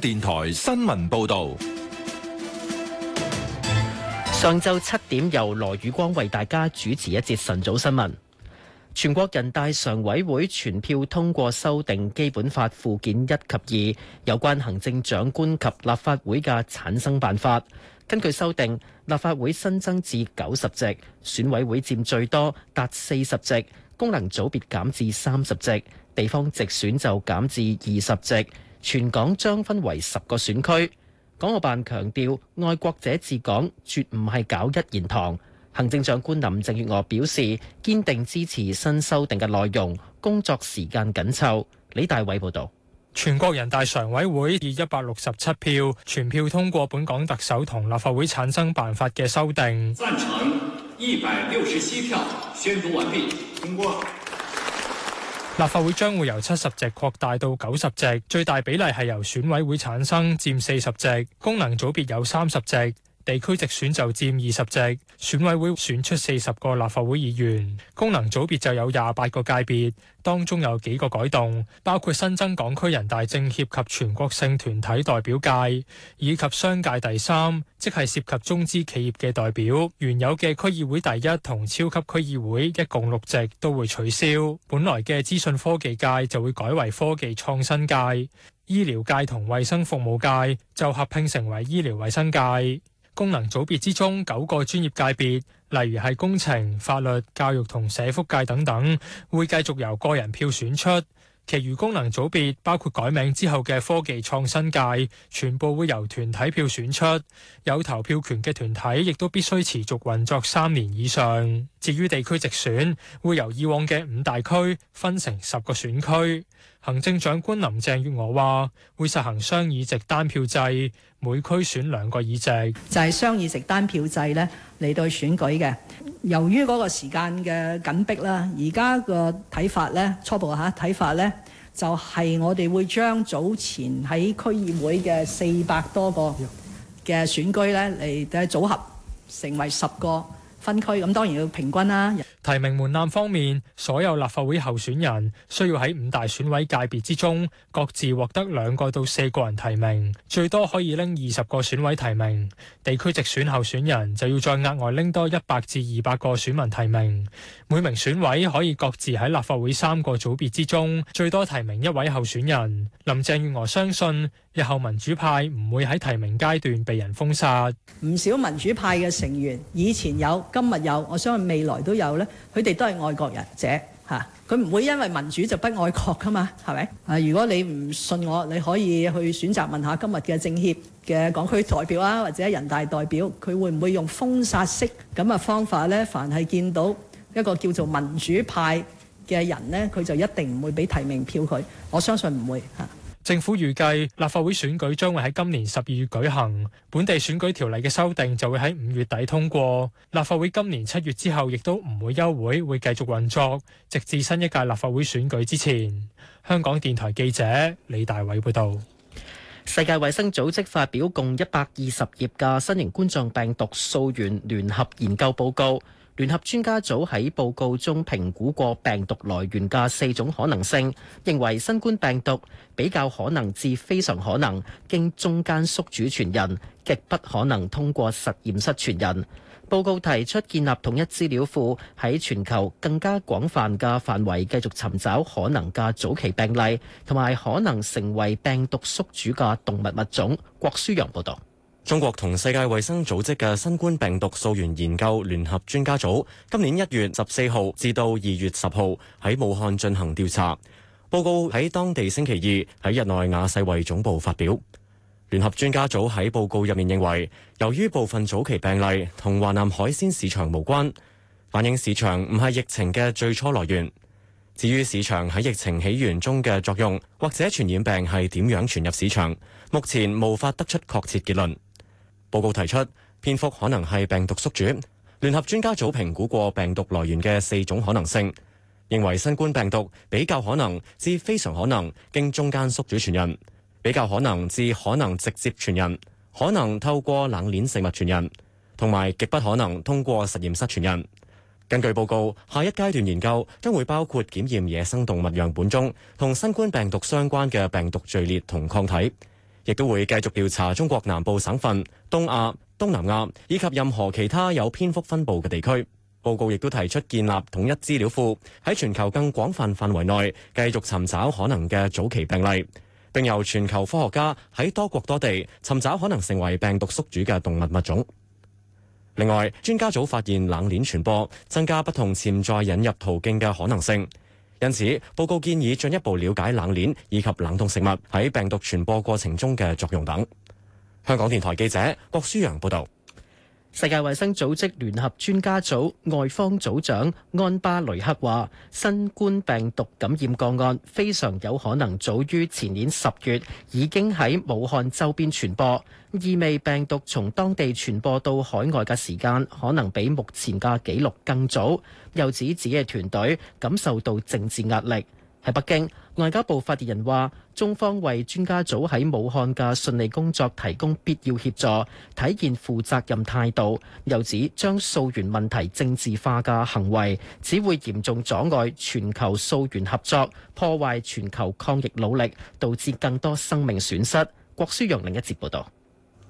電台新聞報道：上晝七點，由羅宇光為大家主持一節晨早新聞。全國人大常委會全票通過修訂基本法附件一及二，有關行政長官及立法會嘅產生辦法。根據修訂，立法會新增至九十席，選委會佔最多達四十席，功能組別減至三十席，地方直選就減至二十席。全港將分為十個選區，港澳辦強調愛國者治港絕唔係搞一言堂。行政長官林鄭月娥表示堅定支持新修訂嘅內容。工作時間緊湊，李大偉報導。全國人大常委會以一百六十七票全票通過本港特首同立法會產生辦法嘅修訂。贊成一百六十七票，宣讀完畢，通過。立法會將會由七十席擴大到九十席，最大比例係由選委會產生，佔四十席，功能組別有三十席。地區直選就佔二十席，選委會選出四十個立法會議員。功能組別就有廿八個界別，當中有幾個改動，包括新增港區人大政協及全國性團體代表界，以及商界第三，即係涉及中資企業嘅代表。原有嘅區議會第一同超級區議會一共六席都會取消。本來嘅資訊科技界就會改為科技創新界，醫療界同衛生服務界就合併成為醫療衛生界。功能組別之中，九個專業界別，例如係工程、法律、教育同社福界等等，會繼續由個人票選出。其餘功能組別，包括改名之後嘅科技創新界，全部會由團體票選出。有投票權嘅團體亦都必須持續運作三年以上。至於地區直選，會由以往嘅五大區分成十個選區。行政長官林鄭月娥話會實行雙議席單票制，每區選兩個議席，就係雙議席單票制咧嚟到選舉嘅。由於嗰個時間嘅緊迫啦，而家個睇法咧，初步吓睇法咧就係我哋會將早前喺區議會嘅四百多個嘅選舉咧嚟嘅組合成為十個。分區咁當然要平均啦。提名門檻方面，所有立法會候選人需要喺五大選委界別之中，各自獲得兩個到四個人提名，最多可以拎二十個選委提名。地區直選候選人就要再額外拎多一百至二百個選民提名。每名選委可以各自喺立法會三個組別之中，最多提名一位候選人。林鄭月娥相信，日後，民主派唔會喺提名階段被人封殺。唔少民主派嘅成員，以前有，今日有，我相信未來都有，佢哋都係愛國人者，佢唔會因為民主就不愛國㗎嘛，係咪？如果你唔信我，你可以去選擇問下今日嘅政協嘅港區代表啊，或者人大代表，佢會唔會用封殺式噉嘅方法呢？凡係見到一個叫做民主派嘅人呢，佢就一定唔會俾提名票佢，我相信唔會。政府預計立法會選舉將會喺今年十二月舉行，本地選舉條例嘅修訂就會喺五月底通過。立法會今年七月之後，亦都唔會休會，會繼續運作，直至新一屆立法會選舉之前。香港電台記者李大偉報導：世界衛生組織發表共一百二十頁嘅新型冠狀病毒溯源聯合研究報告。聯合專家組喺報告中評估過病毒來源嘅四種可能性，認為新冠病毒比較可能至非常可能經中間宿主傳人，極不可能通過實驗室傳人。報告提出建立統一資料庫，喺全球更加廣泛嘅範圍繼續尋找可能嘅早期病例，同埋可能成為病毒宿主嘅動物物種。郭舒陽報道。中國同世界衛生組織嘅新冠病毒溯源研究聯合專家組今年一月十四號至到二月十號喺武漢進行調查，報告喺當地星期二喺日內瓦世衛總部發表。聯合專家組喺報告入面認為，由於部分早期病例同華南海鮮市場無關，反映市場唔係疫情嘅最初來源。至於市場喺疫情起源中嘅作用，或者傳染病係點樣傳入市場，目前無法得出確切結論。報告提出，蝙蝠可能係病毒宿主。聯合專家組評估過病毒來源嘅四種可能性，認為新冠病毒比較可能至非常可能經中間宿主傳人，比較可能至可能直接傳人，可能透過冷鏈食物傳人，同埋極不可能通過實驗室傳人。根據報告，下一階段研究將會包括檢驗野生動物樣本中同新冠病毒相關嘅病毒序列同抗體。亦都會繼續調查中國南部省份、東亞、東南亞以及任何其他有蝙蝠分布嘅地區。報告亦都提出建立統一資料庫，喺全球更廣泛範圍內繼續尋找可能嘅早期病例，並由全球科學家喺多國多地尋找可能成為病毒宿主嘅動物物種。另外，專家組發現冷鏈傳播增加不同潛在引入途徑嘅可能性。因此，報告建議進一步了解冷鏈以及冷凍食物喺病毒傳播過程中嘅作用等。香港電台記者郭舒揚報導。世界衛生組織聯合專家組外方組長安巴雷克話，新冠病毒感染個案非常有可能早於前年十月已經喺武漢周邊傳播，意味病毒從當地傳播到海外嘅時間可能比目前嘅紀錄更早。又指自己嘅團隊感受到政治壓力。喺北京，外交部發言人話：中方為專家組喺武漢嘅順利工作提供必要協助，體現負責任態度。又指將溯源問題政治化嘅行為，只會嚴重阻礙全球溯源合作，破壞全球抗疫努力，導致更多生命損失。郭書陽。另一節報道，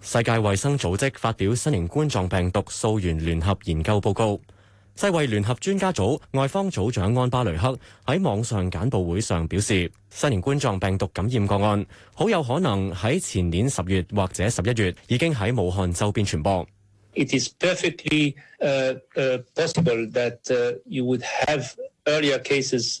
世界衛生組織發表新型冠狀病毒溯源聯合研究報告。世衛聯合專家組外方組長安巴雷克喺網上簡報會上表示，新型冠狀病毒感染個案好有可能喺前年十月或者十一月已經喺武漢周邊傳播。It is perfectly possible that you would have earlier cases.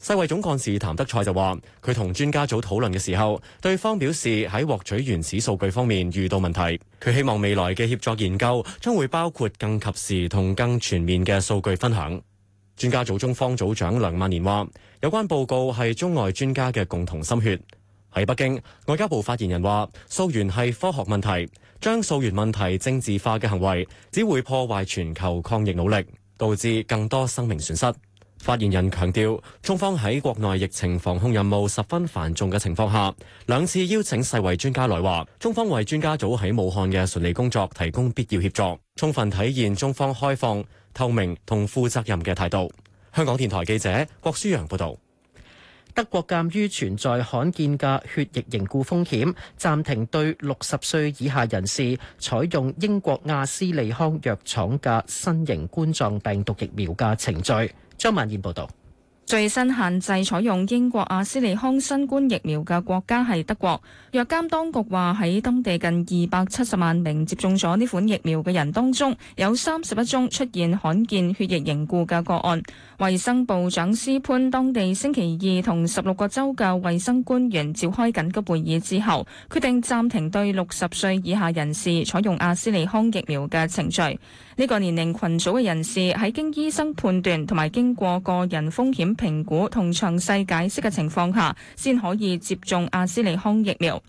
世衛總幹事譚德賽就話，佢同專家組討論嘅時候，對方表示喺獲取原始數據方面遇到問題。佢希望未來嘅協作研究將會包括更及時同更全面嘅數據分享。專家組中方組長梁萬年話，有關報告係中外專家嘅共同心血。喺北京，外交部發言人話，溯源係科學問題，將溯源問題政治化嘅行為只會破壞全球抗疫努力，導致更多生命損失。發言人強調，中方喺國內疫情防控任務十分繁重嘅情況下，兩次邀請世衛專家來華，中方為專家組喺武漢嘅順利工作提供必要協助，充分體現中方開放、透明同負責任嘅態度。香港電台記者郭舒陽報道。德國鑒於存在罕見嘅血液凝固風險，暫停對六十歲以下人士採用英國阿斯利康藥廠嘅新型冠狀病毒疫苗嘅程序。張萬燕報道。最新限制採用英國阿斯利康新冠疫苗嘅國家係德國。藥監當局話喺當地近二百七十萬名接種咗呢款疫苗嘅人當中，有三十一宗出現罕見血液凝固嘅個案。衞生部長斯潘當地星期二同十六個州嘅衞生官員召開緊急會議之後，決定暫停對六十歲以下人士採用阿斯利康疫苗嘅程序。呢個年齡群組嘅人士喺經醫生判斷同埋經過個人風險評估同詳細解釋嘅情況下，先可以接種阿斯利康疫苗。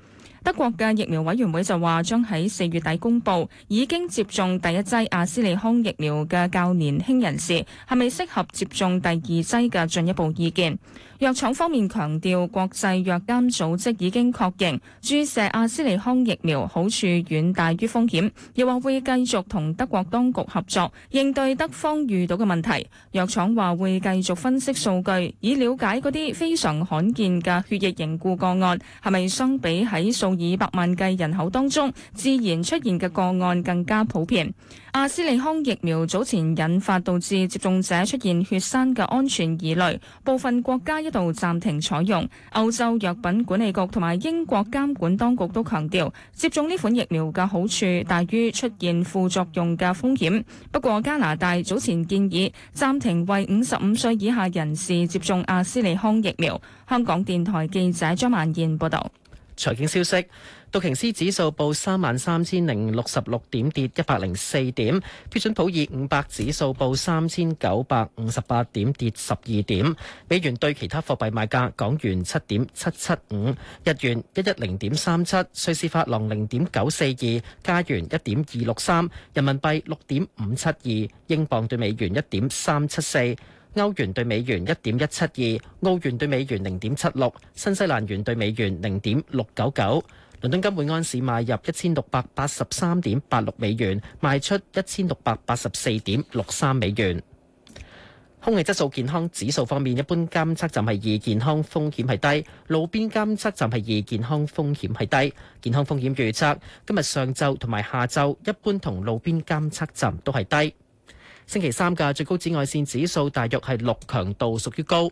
德國嘅疫苗委員會就話將喺四月底公佈已經接種第一劑阿斯利康疫苗嘅較年輕人士係咪適合接種第二劑嘅進一步意見。藥廠方面強調，國際藥監組織已經確認注射阿斯利康疫苗好處遠大於風險，又話會繼續同德國當局合作應對德方遇到嘅問題。藥廠話會繼續分析數據，以了解嗰啲非常罕見嘅血液凝固個案係咪相比喺數。以百萬計人口當中，自然出現嘅個案更加普遍。阿斯利康疫苗早前引發導致接種者出現血栓嘅安全疑慮，部分國家一度暫停採用。歐洲藥品管理局同埋英國監管當局都強調，接種呢款疫苗嘅好處大於出現副作用嘅風險。不過，加拿大早前建議暫停為五十五歲以下人士接種阿斯利康疫苗。香港電台記者張萬燕報導。財經消息，道瓊斯指數報三萬三千零六十六點，跌一百零四點；標準普爾五百指數報三千九百五十八點，跌十二點。美元對其他貨幣賣價：港元七點七七五，日元一一零點三七，瑞士法郎零點九四二，加元一點二六三，人民幣六點五七二，英鎊對美元一點三七四。歐元對美元一點一七二，澳元對美元零點七六，新西蘭元對美元零點六九九。倫敦金每安士賣入一千六百八十三點八六美元，賣出一千六百八十四點六三美元。空氣質素健康指數方面，一般監測站係二，健康風險係低；路邊監測站係二，健康風險係低。健康風險預測，今日上晝同埋下晝，一般同路邊監測站都係低。星期三嘅最高紫外線指數大約係六強度，屬於高。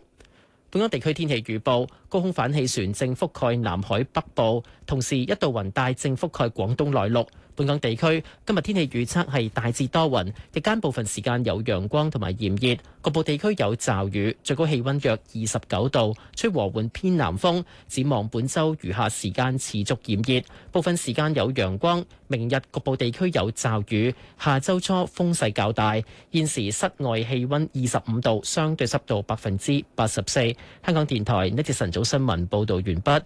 本港地區天氣預報，高空反氣旋正覆蓋南海北部，同時一道雲帶正覆蓋廣東內陸。本港地區今日天氣預測係大致多雲，日間部分時間有陽光同埋炎熱，局部地區有驟雨，最高氣温約二十九度，吹和緩偏南風。展望本週餘下時間持續炎熱，部分時間有陽光。明日局部地區有驟雨，下周初風勢較大。現時室外氣温二十五度，相對濕度百分之八十四。香港電台呢節晨早新聞報導完畢。